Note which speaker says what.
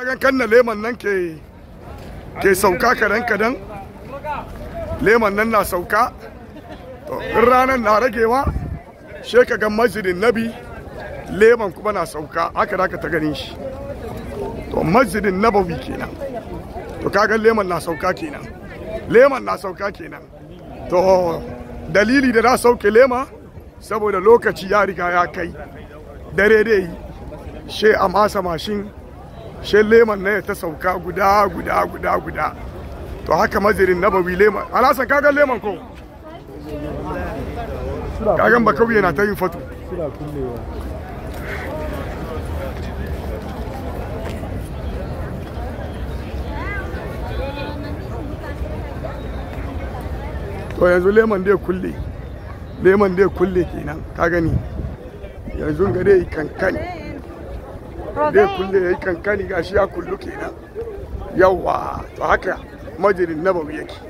Speaker 1: Kagan kanna leman nan ke ke sauka kadan kadan. Leman nan na sauka. To in ranar na ragewa she ka ga masjidin Nabi leman kuma na sauka haka da ka ta ganin shi. To masjidin Nabawi kenan. To kaga leman na sauka kenan. Leman na sauka kenan. To dalili da na sauke lema saboda lokaci ya riga ya kai dare dai she a masa mashin she leman ne ta sauka guda guda guda guda to haka mazirin nabawi leman alasan kagan leman ko kagan ba kauye na ta yin fatu. to yanzu leman dai kulle leman dai kulle kenan ka gani yanzu ga dai kankani zai kulle yayi yi kankani gashi ya kullu kenan yawa to haka majalin nabawi yake